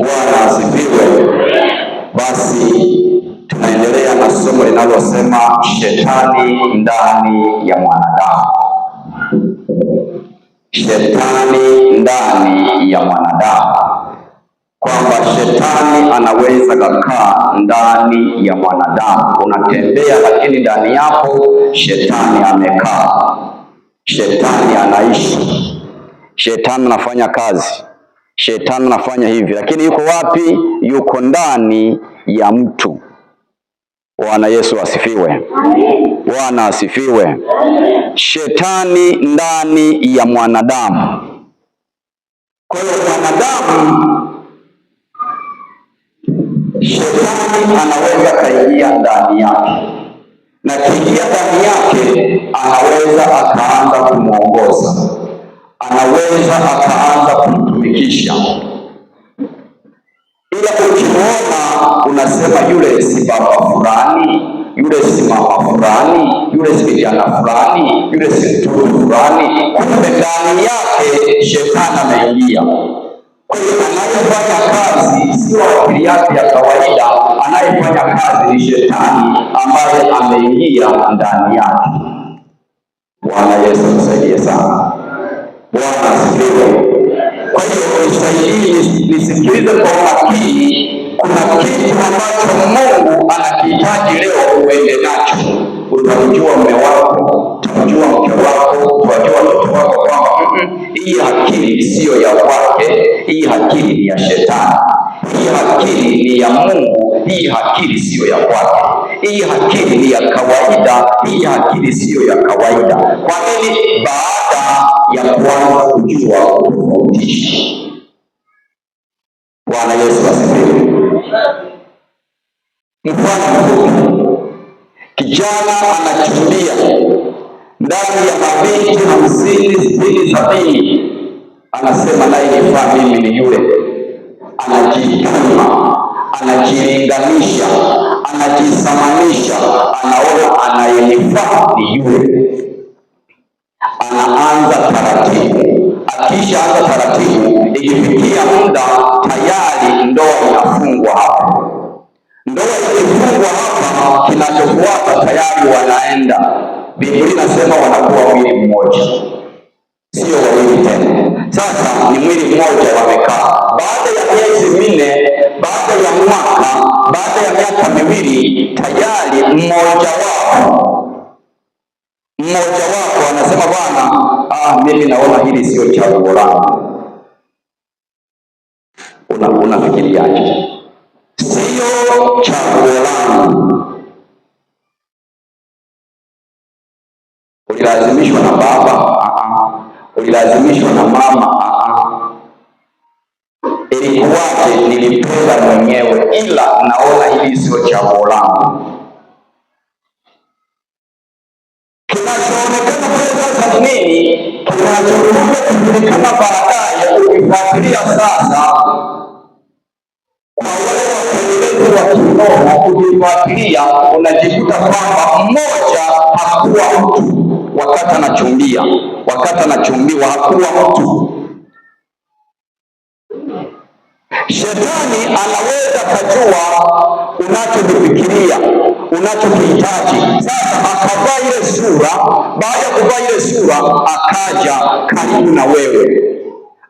Bwana asifiwe. Basi tunaendelea na somo linalosema shetani ndani ya mwanadamu, shetani ndani ya mwanadamu, kwamba shetani anaweza kakaa ndani ya mwanadamu. Unatembea lakini ndani yako shetani amekaa, shetani anaishi, shetani anafanya kazi Shetani anafanya hivi, lakini yuko wapi? Yuko ndani ya mtu. Bwana Yesu asifiwe! Bwana asifiwe! Shetani ndani ya mwanadamu. Kwa hiyo mwanadamu, shetani anaweza kaingia ndani yake, na kiingia ndani yake, anaweza akaanza kumwongoza, anaweza akaanza kumrudisha, ila ukimuona unasema yule si baba fulani, yule si mama fulani, yule si kijana fulani, yule si mtoto fulani, kumbe ndani yake shetani ameingia. Kwa hiyo anayefanya kazi sio akili yake ya kawaida, anayefanya kazi ni shetani ambaye ameingia ndani yake. Bwana Yesu msaidie sana. Bwana asifiwe. Kwa hiyo isaidii nisikilize kwa makini, Kuna kitu ambacho Mungu anakihitaji leo uende nacho. Utamjua mume wako, utamjua mke wako, utajua mtoto wako kwamba hii akili siyo ya kwake, hii akili ni ya shetani, hii akili ni ya Mungu, hii akili siyo ya kwake hii akili ni ya kawaida, hii akili siyo ya kawaida. Kwa nini? baada mti wa Bwana Yesu asifiwe. Mfano, kijana anakimbia ndani ya mabiti hamsini, sitini, sabini, anasema naye nifaa mimi ni yule. Anajituma, anajilinganisha, anajisamanisha, anaona anayenifaa ni yule, anaanza taratibu kisha anza taratibu. Ikifikia muda tayari ndoa inafungwa hapa. Ndoa ikifungwa hapa, kinachofuata tayari wanaenda, Biblia inasema wanakuwa mwili mmoja, sio wawili tena, sasa ni mwili mmoja wamekaa. Baada ya miezi minne, baada ya mwaka, baada ya miaka miwili, tayari mmoja wao mmoja wao akasema Bwana, ah, mimi naona hili sio chaguo langu. Una, Una sio chaguo langu. Ulilazimishwa na baba? Ah, ah. Ulilazimishwa na mama? Ah, Ilikuwaje? Nilipenda mwenyewe, ila naona hili sio chaguo langu. kinachoonekana kwa sasa ni nini, kinachokuja kujulikana baadaye. Ukifuatilia sasa kwa wale waelezi wa kiroho, ukifuatilia unajikuta kwamba mmoja hakuwa mtu wakati anachumbia, wakati anachumbiwa hakuwa mtu. Shetani anaweza kujua unachofikiria unachokihitaji. Sasa akavaa ile sura. Baada ya kuvaa ile sura, akaja karibu na wewe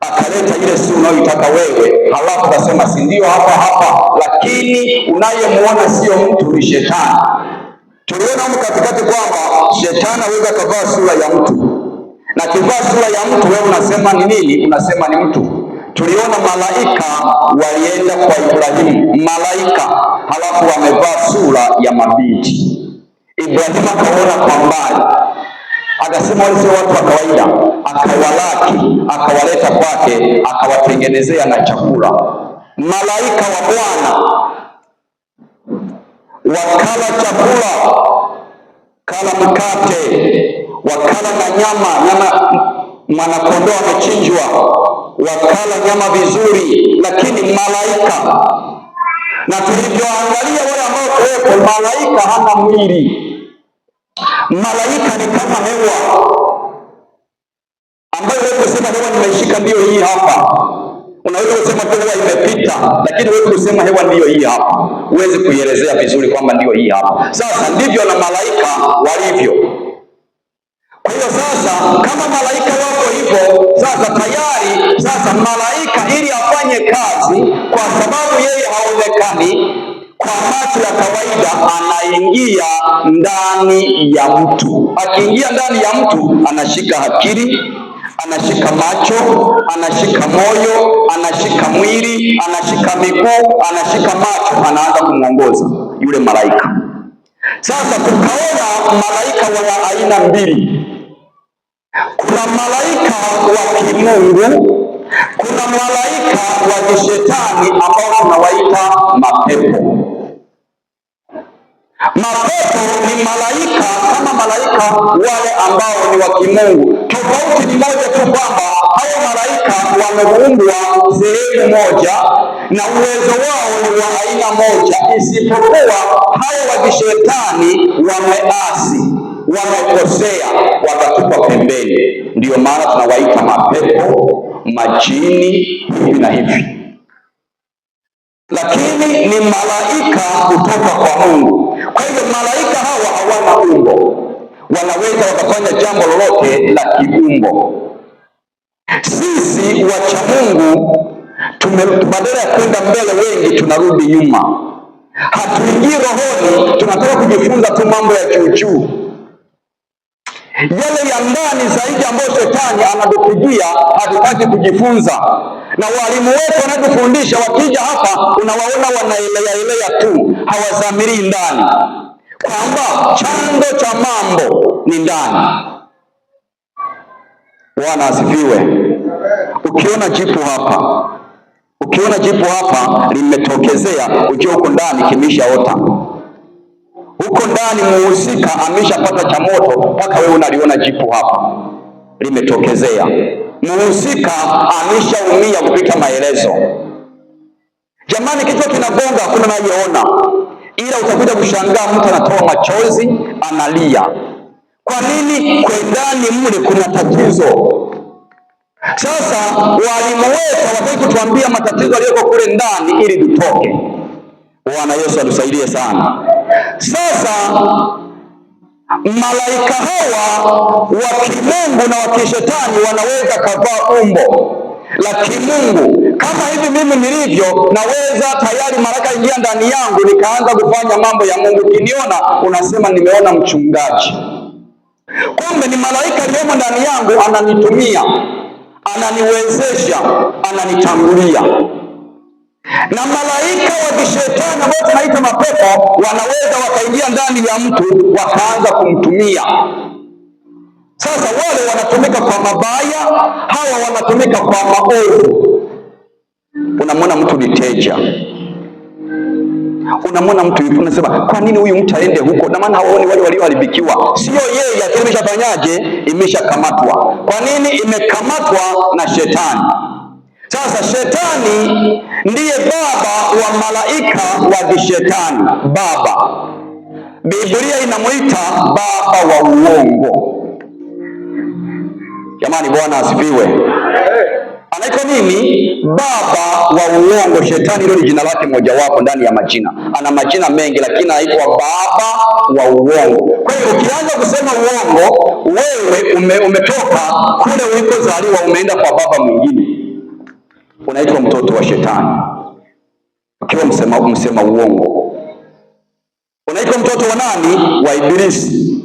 akaleta ile sura unayoitaka wewe, halafu akasema, si ndio hapa hapa, lakini unayemwona sio mtu, ni shetani. Tuliona huko katikati kwamba shetani aweza akavaa sura ya mtu, na kivaa sura ya mtu, wewe unasema ni nini? Unasema ni mtu Tuliona malaika walienda kwa Ibrahimu, malaika halafu wamevaa sura ya mabinti. Ibrahimu akaona kwa mbali, akasema wale sio watu wa kawaida, akawalaki, akawaleta kwake, akawatengenezea na chakula. Malaika wa Bwana wakala chakula, kala mkate, wakala na nyama, nyama mwanakondoo amechinjwa wakala nyama vizuri, lakini malaika na tulivyoangalia wale ambao kuwepo, malaika hana mwili. Malaika ni kama hewa ambayo wewe kusema hewa nimeshika, ndiyo hii hapa. Unaweza kusema tu hewa imepita, lakini wewe kusema hewa ndiyo hii hapa, huwezi kuielezea vizuri kwamba ndiyo hii hapa. Sasa ndivyo na malaika walivyo. Kwa hiyo sasa, kama malaika wako hivyo sasa tayari sasa malaika ili afanye kazi, kwa sababu yeye haonekani kwa macho ya kawaida, anaingia ndani ya mtu. Akiingia ndani ya mtu, anashika akili, anashika macho, anashika moyo, anashika mwili, anashika miguu, anashika macho, anaanza kumwongoza yule malaika. Sasa tukaona malaika wa aina mbili kuna malaika wa kimungu, kuna malaika wa kishetani ambao tunawaita mapepo. Mapepo ni malaika kama malaika wale ambao ni wa kimungu. Tofauti ni moja tu kwamba hawa malaika wameumbwa sehemu moja na uwezo wao ni wa aina moja, isipokuwa hao wa kishetani wameasi wanakosea watatupwa pembeni. Ndiyo maana tunawaita mapepo, majini, hivi na hivi, lakini ni malaika kutoka kwa Mungu. Kwa hivyo malaika hawa hawana umbo, wanaweza wakafanya jambo lolote la kiumbo. Sisi wacha Mungu badala ya kwenda mbele, wengi tunarudi nyuma, hatuingii rohoni, tunataka kujifunza tu mambo ya juu yale ya ndani zaidi ambayo shetani anatupigia, hatutaki kujifunza. Na walimu wetu wanatufundisha, wakija hapa unawaona wanaeleaelea tu, hawazamirii ndani, kwamba chanzo cha mambo ni ndani. Bwana asifiwe. Ukiona jipu hapa, ukiona jipu hapa limetokezea, ujue huko ndani kimeshaota huko ndani muhusika ameshapata cha moto, mpaka wewe unaliona jipu hapa limetokezea. Muhusika ameshaumia kupita maelezo. Jamani, kichwa kinagonga, hakuna anayeona, ila utakuja kushangaa mtu anatoa machozi, analia. Kwa nini? Kwa ndani mle kuna tatizo. Sasa walimu wetu hawataki kutuambia matatizo aliyoko kule ndani ili tutoke. Bwana Yesu atusaidie sana. Sasa malaika hawa wa kimungu na wa kishetani wanaweza kavaa umbo la kimungu kama hivi mimi nilivyo, naweza tayari malaika ingia ndani yangu nikaanza kufanya mambo ya Mungu. Ukiniona unasema nimeona mchungaji, kumbe ni malaika aliyomo ndani yangu, ananitumia, ananiwezesha, ananitangulia na malaika wa kishetani ambao tunaita mapepo wanaweza wakaingia ndani ya mtu wakaanza kumtumia. Sasa wale wanatumika kwa mabaya, hawa wanatumika kwa maovu. Unamwona mtu ni teja, unamwona mtu unasema, kwa nini huyu mtu aende huko? Na maana hawaoni wale walioharibikiwa, sio yeye. Imeshafanyaje? Imeshakamatwa. Kwa nini imekamatwa? Na shetani sasa shetani ndiye baba wa malaika wa kishetani, baba Biblia inamuita baba wa uongo. Jamani, Bwana asifiwe. Anaitwa nini? Baba wa uongo. Shetani hilo ni jina lake mojawapo ndani ya majina, ana majina mengi, lakini anaitwa baba wa uongo. Kwa hiyo ukianza kusema uongo, wewe ume, umetoka kule ulikozaliwa umeenda kwa baba mwingine unaitwa mtoto wa shetani, ukiwa msema, msema uongo. Unaitwa mtoto wa nani? Wa Ibilisi.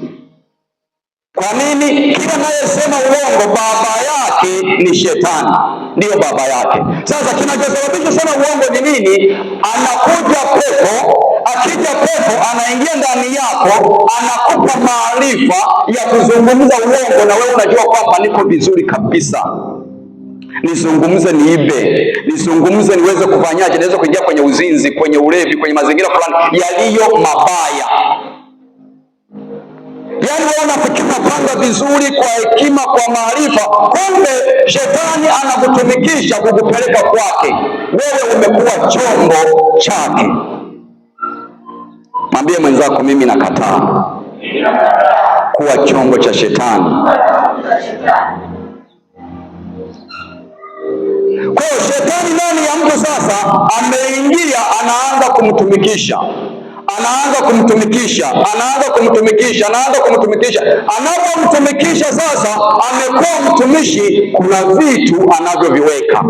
Kwa nini? Kila anayesema uongo baba yake ni shetani, ndiyo baba yake. Sasa kinachosababisha sana uongo ni nini? Anakuja pepo Akija pepo anaingia ndani yako, anakupa maarifa ya kuzungumza uongo, na wewe unajua kwamba niko vizuri kabisa nizungumze niibe, nizungumze niweze kufanyaje, niweze kuingia kwenye uzinzi, kwenye ulevi, kwenye mazingira fulani yaliyo mabaya. yani wewe unafikiri unapanga vizuri kwa hekima, kwa maarifa, kumbe shetani anakutumikisha kukupeleka kwake. Wewe umekuwa chombo chake. Mwambie mwenzako, mimi nakataa kuwa chombo cha shetani. Kwa hiyo shetani ndani ya mtu sasa ameingia, anaanza kumtumikisha anaanza kumtumikisha, anaanza kumtumikisha, anaanza kumtumikisha. Anapomtumikisha sasa, amekuwa mtumishi. Kuna vitu anavyoviweka